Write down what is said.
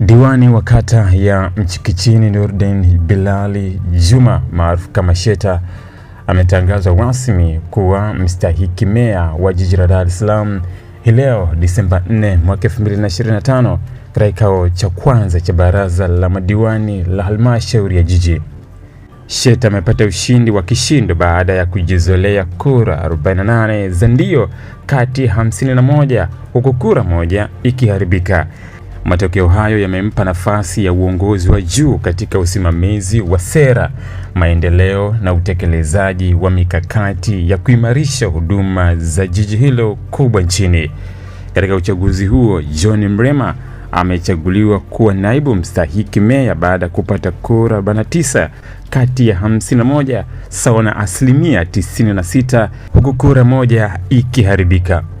Diwani wa kata ya Mchikichini Nurdin Bilali Juma maarufu kama Sheta ametangazwa rasmi kuwa mstahiki meya wa jiji la Dar es Salaam hii leo Disemba 4 mwaka 2025 katika kikao cha kwanza cha baraza la madiwani la halmashauri ya jiji. Sheta amepata ushindi wa kishindo baada ya kujizolea kura 48 za ndio kati ya 51 huku kura moja ikiharibika. Matokeo hayo yamempa nafasi ya uongozi wa juu katika usimamizi wa sera, maendeleo na utekelezaji wa mikakati ya kuimarisha huduma za jiji hilo kubwa nchini. Katika uchaguzi huo, John Mrema amechaguliwa kuwa naibu mstahiki meya baada ya kupata kura 49 kati ya 51 sawa na asilimia 96, huku kura moja ikiharibika.